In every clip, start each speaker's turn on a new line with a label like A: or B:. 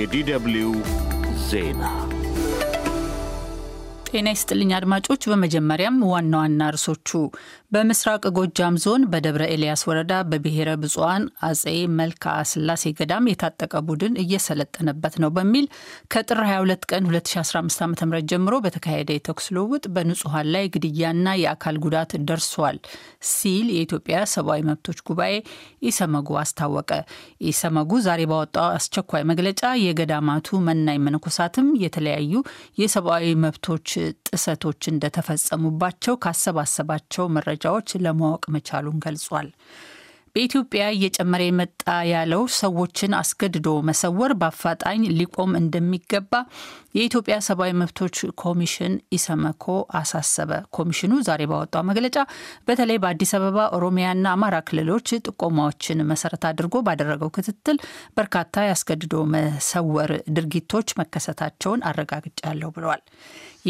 A: የዲደብልዩ ዜና ጤና ይስጥልኝ አድማጮች። በመጀመሪያም ዋና ዋና እርሶቹ በምስራቅ ጎጃም ዞን በደብረ ኤልያስ ወረዳ በብሔረ ብፁዓን አጼ መልካ ስላሴ ገዳም የታጠቀ ቡድን እየሰለጠነበት ነው በሚል ከጥር 22 ቀን 2015 ዓ.ም ጀምሮ በተካሄደ የተኩስ ልውውጥ በንጹሐን ላይ ግድያና የአካል ጉዳት ደርሷል ሲል የኢትዮጵያ ሰብአዊ መብቶች ጉባኤ ኢሰመጉ አስታወቀ። ኢሰመጉ ዛሬ ባወጣው አስቸኳይ መግለጫ የገዳማቱ መናኝ መነኮሳትም የተለያዩ የሰብአዊ መብቶች ጥሰቶች እንደተፈጸሙባቸው ካሰባሰባቸው መረጃዎች ለማወቅ መቻሉን ገልጿል። በኢትዮጵያ እየጨመረ የመጣ ያለው ሰዎችን አስገድዶ መሰወር በአፋጣኝ ሊቆም እንደሚገባ የኢትዮጵያ ሰብአዊ መብቶች ኮሚሽን ኢሰመኮ አሳሰበ። ኮሚሽኑ ዛሬ ባወጣው መግለጫ በተለይ በአዲስ አበባ፣ ኦሮሚያና አማራ ክልሎች ጥቆማዎችን መሰረት አድርጎ ባደረገው ክትትል በርካታ ያስገድዶ መሰወር ድርጊቶች መከሰታቸውን አረጋግጫለሁ ብለዋል።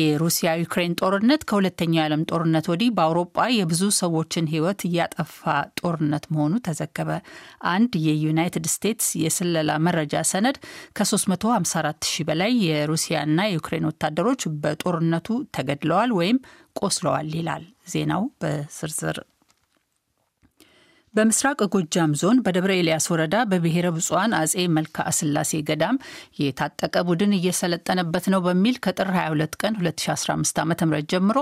A: የሩሲያ ዩክሬን ጦርነት ከሁለተኛው የዓለም ጦርነት ወዲህ በአውሮጳ የብዙ ሰዎችን ህይወት እያጠፋ ጦርነት መሆኑ ተዘገበ። አንድ የዩናይትድ ስቴትስ የስለላ መረጃ ሰነድ ከ354 ሺህ በላይ የሩሲያና የዩክሬን ወታደሮች በጦርነቱ ተገድለዋል ወይም ቆስለዋል ይላል ዜናው በዝርዝር በምስራቅ ጎጃም ዞን በደብረ ኤልያስ ወረዳ በብሔረ ብፁዓን አጼ መልካ ስላሴ ገዳም የታጠቀ ቡድን እየሰለጠነበት ነው በሚል ከጥር 22 ቀን 2015 ዓ ም ጀምሮ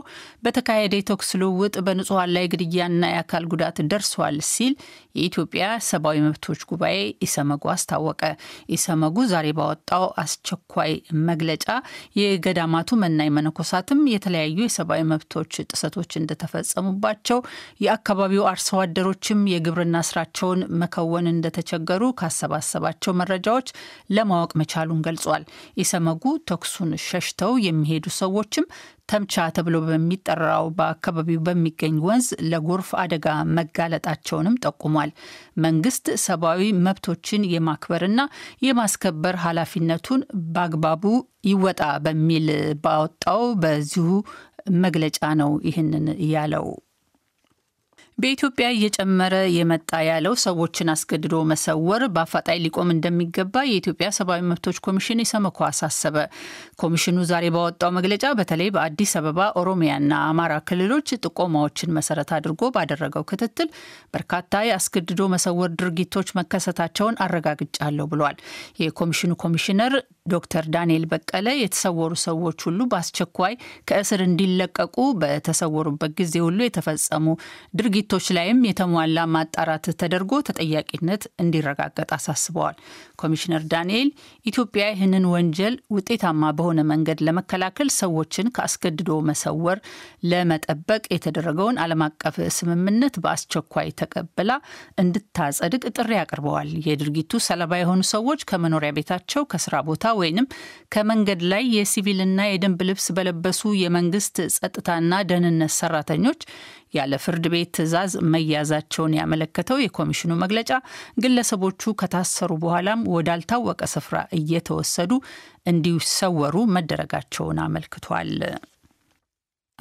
A: በተካሄደ የተኩስ ልውውጥ በንጹሐን ላይ ግድያና የአካል ጉዳት ደርሷል ሲል የኢትዮጵያ ሰብአዊ መብቶች ጉባኤ ኢሰመጉ አስታወቀ። ኢሰመጉ ዛሬ ባወጣው አስቸኳይ መግለጫ የገዳማቱ መናኝ መነኮሳትም የተለያዩ የሰብአዊ መብቶች ጥሰቶች እንደተፈጸሙባቸው የአካባቢው አርሶ አደሮችም የግብርና ስራቸውን መከወን እንደተቸገሩ ካሰባሰባቸው መረጃዎች ለማወቅ መቻሉን ገልጿል። ኢሰመጉ ተኩሱን ሸሽተው የሚሄዱ ሰዎችም ተምቻ ተብሎ በሚጠራው በአካባቢው በሚገኝ ወንዝ ለጎርፍ አደጋ መጋለጣቸውንም ጠቁሟል። መንግስት ሰብአዊ መብቶችን የማክበርና የማስከበር ኃላፊነቱን በአግባቡ ይወጣ በሚል ባወጣው በዚሁ መግለጫ ነው ይህንን ያለው። በኢትዮጵያ እየጨመረ የመጣ ያለው ሰዎችን አስገድዶ መሰወር በአፋጣኝ ሊቆም እንደሚገባ የኢትዮጵያ ሰብአዊ መብቶች ኮሚሽን ኢሰመኮ አሳሰበ። ኮሚሽኑ ዛሬ ባወጣው መግለጫ በተለይ በአዲስ አበባ፣ ኦሮሚያና አማራ ክልሎች ጥቆማዎችን መሰረት አድርጎ ባደረገው ክትትል በርካታ የአስገድዶ መሰወር ድርጊቶች መከሰታቸውን አረጋግጫለሁ ብሏል። የኮሚሽኑ ኮሚሽነር ዶክተር ዳንኤል በቀለ የተሰወሩ ሰዎች ሁሉ በአስቸኳይ ከእስር እንዲለቀቁ በተሰወሩበት ጊዜ ሁሉ የተፈጸሙ ድርጊት ድርጊቶች ላይም የተሟላ ማጣራት ተደርጎ ተጠያቂነት እንዲረጋገጥ አሳስበዋል። ኮሚሽነር ዳንኤል ኢትዮጵያ ይህንን ወንጀል ውጤታማ በሆነ መንገድ ለመከላከል ሰዎችን ከአስገድዶ መሰወር ለመጠበቅ የተደረገውን ዓለም አቀፍ ስምምነት በአስቸኳይ ተቀብላ እንድታጸድቅ ጥሪ አቅርበዋል። የድርጊቱ ሰለባ የሆኑ ሰዎች ከመኖሪያ ቤታቸው፣ ከስራ ቦታ ወይንም ከመንገድ ላይ የሲቪልና የደንብ ልብስ በለበሱ የመንግስት ጸጥታና ደህንነት ሰራተኞች ያለ ፍርድ ቤት ትዕዛዝ መያዛቸውን ያመለከተው የኮሚሽኑ መግለጫ ግለሰቦቹ ከታሰሩ በኋላም ወዳልታወቀ ስፍራ እየተወሰዱ እንዲሰወሩ መደረጋቸውን አመልክቷል።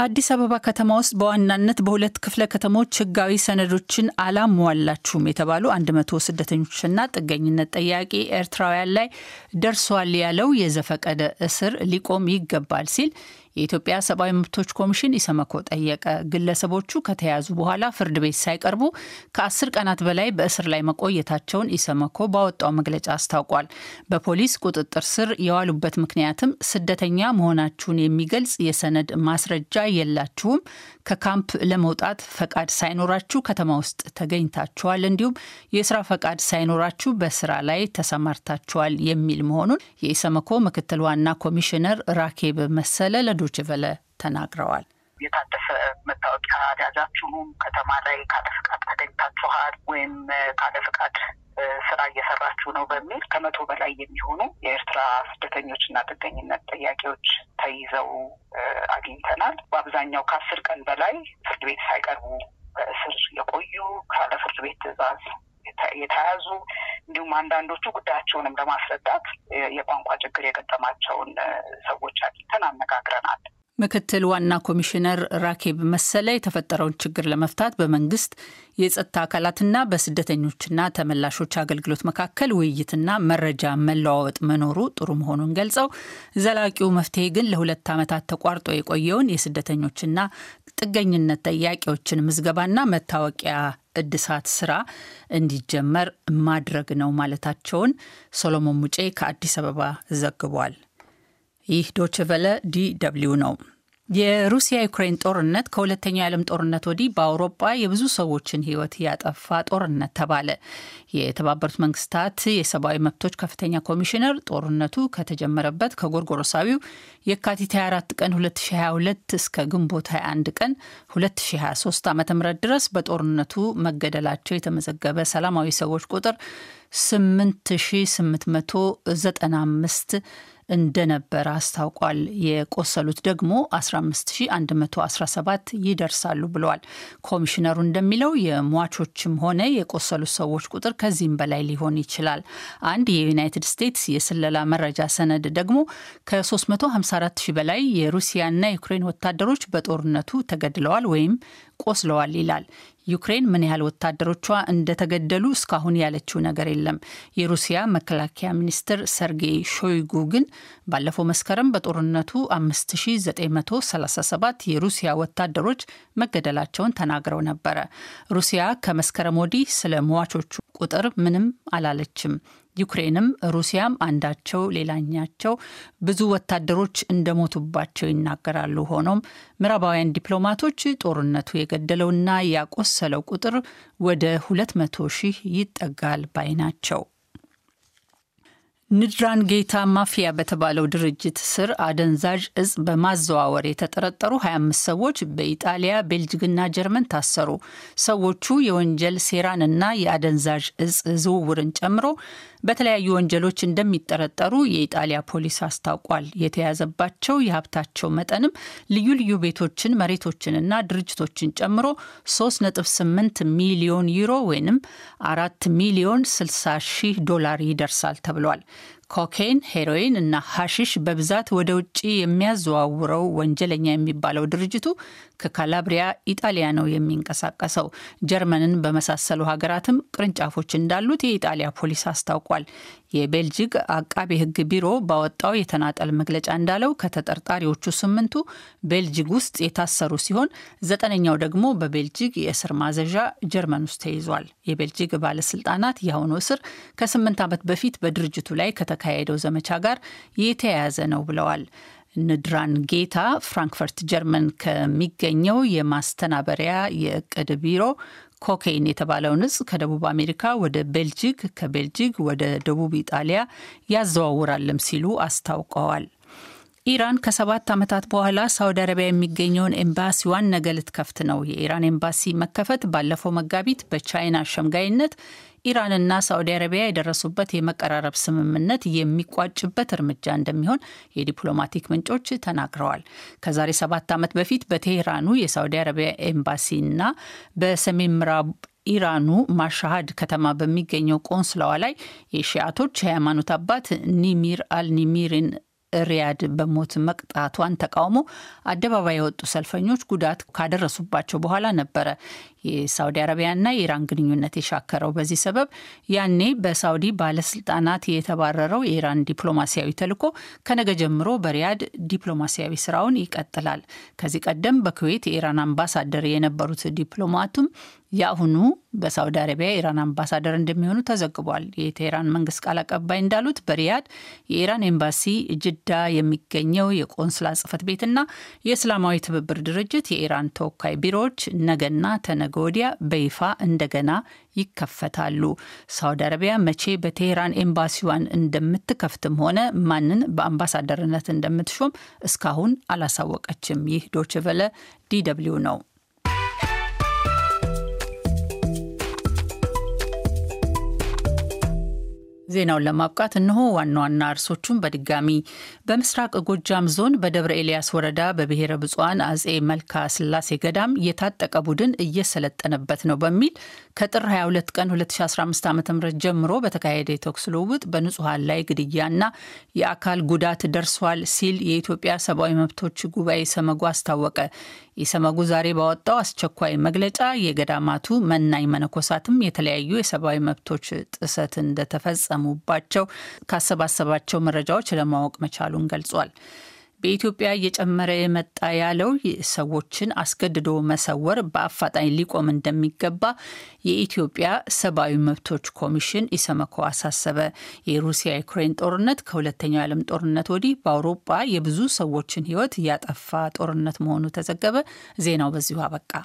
A: አዲስ አበባ ከተማ ውስጥ በዋናነት በሁለት ክፍለ ከተሞች ሕጋዊ ሰነዶችን አላሟላችሁም የተባሉ 100 ስደተኞችና ጥገኝነት ጠያቂ ኤርትራውያን ላይ ደርሷል ያለው የዘፈቀደ እስር ሊቆም ይገባል ሲል የኢትዮጵያ ሰብአዊ መብቶች ኮሚሽን ኢሰመኮ ጠየቀ። ግለሰቦቹ ከተያዙ በኋላ ፍርድ ቤት ሳይቀርቡ ከአስር ቀናት በላይ በእስር ላይ መቆየታቸውን ኢሰመኮ ባወጣው መግለጫ አስታውቋል። በፖሊስ ቁጥጥር ስር የዋሉበት ምክንያትም ስደተኛ መሆናችሁን የሚገልጽ የሰነድ ማስረጃ የላችሁም፣ ከካምፕ ለመውጣት ፈቃድ ሳይኖራችሁ ከተማ ውስጥ ተገኝታችኋል፣ እንዲሁም የስራ ፈቃድ ሳይኖራችሁ በስራ ላይ ተሰማርታችኋል የሚል መሆኑን የኢሰመኮ ምክትል ዋና ኮሚሽነር ራኬብ መሰለ ለዶች ቨለ ተናግረዋል። የታጠፈ መታወቂያ ያዛችሁም ከተማ ላይ ካለ ፍቃድ ተገኝታችኋል ወይም ካለ ፍቃድ ስራ እየሰራችሁ ነው በሚል ከመቶ በላይ የሚሆኑ የኤርትራ ስደተኞችና ጥገኝነት ጥያቄዎች ተይዘው አግኝተናል። በአብዛኛው ከአስር ቀን በላይ ፍርድ ቤት ሳይቀርቡ በእስር የቆዩ ካለ ፍርድ ቤት ትዕዛዝ የተያዙ እንዲሁም አንዳንዶቹ ጉዳያቸውንም ለማስረዳት የቋንቋ ችግር የገጠማቸውን ሰዎች አግኝተን አነጋግረናል። ምክትል ዋና ኮሚሽነር ራኬብ መሰለ የተፈጠረውን ችግር ለመፍታት በመንግስት የጸጥታ አካላትና በስደተኞችና ተመላሾች አገልግሎት መካከል ውይይትና መረጃ መለዋወጥ መኖሩ ጥሩ መሆኑን ገልጸው ዘላቂው መፍትሄ ግን ለሁለት ዓመታት ተቋርጦ የቆየውን የስደተኞችና ጥገኝነት ጠያቂዎችን ምዝገባና መታወቂያ እድሳት ስራ እንዲጀመር ማድረግ ነው ማለታቸውን ሶሎሞን ሙጬ ከአዲስ አበባ ዘግቧል። ይህ ዶችቨለ ዲ ደብልዩ ነው። የሩሲያ ዩክሬን ጦርነት ከሁለተኛው የዓለም ጦርነት ወዲህ በአውሮጳ የብዙ ሰዎችን ህይወት ያጠፋ ጦርነት ተባለ። የተባበሩት መንግስታት የሰብአዊ መብቶች ከፍተኛ ኮሚሽነር ጦርነቱ ከተጀመረበት ከጎርጎሮሳዊው የካቲት 24 ቀን 2022 እስከ ግንቦት 21 ቀን 2023 ዓ ም ድረስ በጦርነቱ መገደላቸው የተመዘገበ ሰላማዊ ሰዎች ቁጥር 8895 እንደነበረ አስታውቋል። የቆሰሉት ደግሞ 15117 ይደርሳሉ ብለዋል። ኮሚሽነሩ እንደሚለው የሟቾችም ሆነ የቆሰሉት ሰዎች ቁጥር ከዚህም በላይ ሊሆን ይችላል። አንድ የዩናይትድ ስቴትስ የስለላ መረጃ ሰነድ ደግሞ ከ354 ሺ በላይ የሩሲያና ዩክሬን ወታደሮች በጦርነቱ ተገድለዋል ወይም ቆስለዋል ይላል። ዩክሬን ምን ያህል ወታደሮቿ እንደተገደሉ እስካሁን ያለችው ነገር የለም። የሩሲያ መከላከያ ሚኒስትር ሰርጌይ ሾይጉ ግን ባለፈው መስከረም በጦርነቱ 5937 የሩሲያ ወታደሮች መገደላቸውን ተናግረው ነበረ። ሩሲያ ከመስከረም ወዲህ ስለ ሟቾቹ ቁጥር ምንም አላለችም። ዩክሬንም ሩሲያም አንዳቸው ሌላኛቸው ብዙ ወታደሮች እንደሞቱባቸው ይናገራሉ። ሆኖም ምዕራባውያን ዲፕሎማቶች ጦርነቱ የገደለውና ያቆሰለው ቁጥር ወደ 200 ሺህ ይጠጋል ባይ ናቸው። ንድራን ጌታ ማፊያ በተባለው ድርጅት ስር አደንዛዥ እጽ በማዘዋወር የተጠረጠሩ 25 ሰዎች በኢጣሊያ ቤልጅግና ጀርመን ታሰሩ። ሰዎቹ የወንጀል ሴራንና የአደንዛዥ እጽ ዝውውርን ጨምሮ በተለያዩ ወንጀሎች እንደሚጠረጠሩ የኢጣሊያ ፖሊስ አስታውቋል። የተያዘባቸው የሀብታቸው መጠንም ልዩ ልዩ ቤቶችን፣ መሬቶችንና ድርጅቶችን ጨምሮ 3.8 ሚሊዮን ዩሮ ወይም 4 ሚሊዮን 60 ሺህ ዶላር ይደርሳል ተብሏል። ኮኬን፣ ሄሮይን እና ሐሺሽ በብዛት ወደ ውጭ የሚያዘዋውረው ወንጀለኛ የሚባለው ድርጅቱ ከካላብሪያ ኢጣሊያ ነው የሚንቀሳቀሰው። ጀርመንን በመሳሰሉ ሀገራትም ቅርንጫፎች እንዳሉት የኢጣሊያ ፖሊስ አስታውቋል። የቤልጂግ አቃቤ ሕግ ቢሮ ባወጣው የተናጠል መግለጫ እንዳለው ከተጠርጣሪዎቹ ስምንቱ ቤልጂግ ውስጥ የታሰሩ ሲሆን ዘጠነኛው ደግሞ በቤልጂግ የእስር ማዘዣ ጀርመን ውስጥ ተይዟል። የቤልጂግ ባለስልጣናት የአሁኑ እስር ከስምንት ዓመት በፊት በድርጅቱ ላይ ከተ ከተካሄደው ዘመቻ ጋር የተያያዘ ነው ብለዋል። ንድራን ጌታ ፍራንክፈርት ጀርመን ከሚገኘው የማስተናበሪያ የእቅድ ቢሮ ኮኬይን የተባለውን እጽ ከደቡብ አሜሪካ ወደ ቤልጂግ፣ ከቤልጂግ ወደ ደቡብ ኢጣሊያ ያዘዋውራልም ሲሉ አስታውቀዋል። ኢራን ከሰባት ዓመታት በኋላ ሳውዲ አረቢያ የሚገኘውን ኤምባሲዋን ነገ ልትከፍት ነው። የኢራን ኤምባሲ መከፈት ባለፈው መጋቢት በቻይና አሸምጋይነት ኢራንና ሳውዲ አረቢያ የደረሱበት የመቀራረብ ስምምነት የሚቋጭበት እርምጃ እንደሚሆን የዲፕሎማቲክ ምንጮች ተናግረዋል። ከዛሬ ሰባት ዓመት በፊት በቴሄራኑ የሳውዲ አረቢያ ኤምባሲና በሰሜን ምዕራብ ኢራኑ ማሻሃድ ከተማ በሚገኘው ቆንስላዋ ላይ የሺአቶች የሃይማኖት አባት ኒሚር አልኒሚርን ሪያድ በሞት መቅጣቷን ተቃውሞ አደባባይ የወጡ ሰልፈኞች ጉዳት ካደረሱባቸው በኋላ ነበረ የሳውዲ አረቢያና የኢራን ግንኙነት የሻከረው። በዚህ ሰበብ ያኔ በሳውዲ ባለስልጣናት የተባረረው የኢራን ዲፕሎማሲያዊ ተልዕኮ ከነገ ጀምሮ በሪያድ ዲፕሎማሲያዊ ስራውን ይቀጥላል። ከዚህ ቀደም በኩዌት የኢራን አምባሳደር የነበሩት ዲፕሎማቱም የአሁኑ በሳውዲ አረቢያ የኢራን አምባሳደር እንደሚሆኑ ተዘግቧል። የቴህራን መንግስት ቃል አቀባይ እንዳሉት በሪያድ የኢራን ኤምባሲ፣ ጅዳ የሚገኘው የቆንስላ ጽህፈት ቤትና የእስላማዊ ትብብር ድርጅት የኢራን ተወካይ ቢሮዎች ነገና ተነገ ወዲያ በይፋ እንደገና ይከፈታሉ። ሳውዲ አረቢያ መቼ በቴህራን ኤምባሲዋን እንደምትከፍትም ሆነ ማንን በአምባሳደርነት እንደምትሾም እስካሁን አላሳወቀችም። ይህ ዶችቨለ ዲደብሊው ነው። ዜናውን ለማብቃት እነሆ ዋና ዋና እርሶቹን በድጋሚ በምስራቅ ጎጃም ዞን በደብረ ኤልያስ ወረዳ በብሔረ ብፁዓን አጼ መልካ ስላሴ ገዳም የታጠቀ ቡድን እየሰለጠነበት ነው በሚል ከጥር 22 ቀን 2015 ዓ ም ጀምሮ በተካሄደ የተኩስ ልውውጥ በንጹሐን ላይ ግድያና የአካል ጉዳት ደርሷል ሲል የኢትዮጵያ ሰብአዊ መብቶች ጉባኤ ሰመጉ አስታወቀ። ኢሰመጉ ዛሬ ባወጣው አስቸኳይ መግለጫ የገዳማቱ መናኝ መነኮሳትም የተለያዩ የሰብአዊ መብቶች ጥሰት እንደተፈጸሙባቸው ካሰባሰባቸው መረጃዎች ለማወቅ መቻሉን ገልጿል። በኢትዮጵያ እየጨመረ የመጣ ያለው ሰዎችን አስገድዶ መሰወር በአፋጣኝ ሊቆም እንደሚገባ የኢትዮጵያ ሰብአዊ መብቶች ኮሚሽን ኢሰመኮ አሳሰበ። የሩሲያ ዩክሬን ጦርነት ከሁለተኛው የዓለም ጦርነት ወዲህ በአውሮፓ የብዙ ሰዎችን ሕይወት እያጠፋ ጦርነት መሆኑ ተዘገበ። ዜናው በዚሁ አበቃ።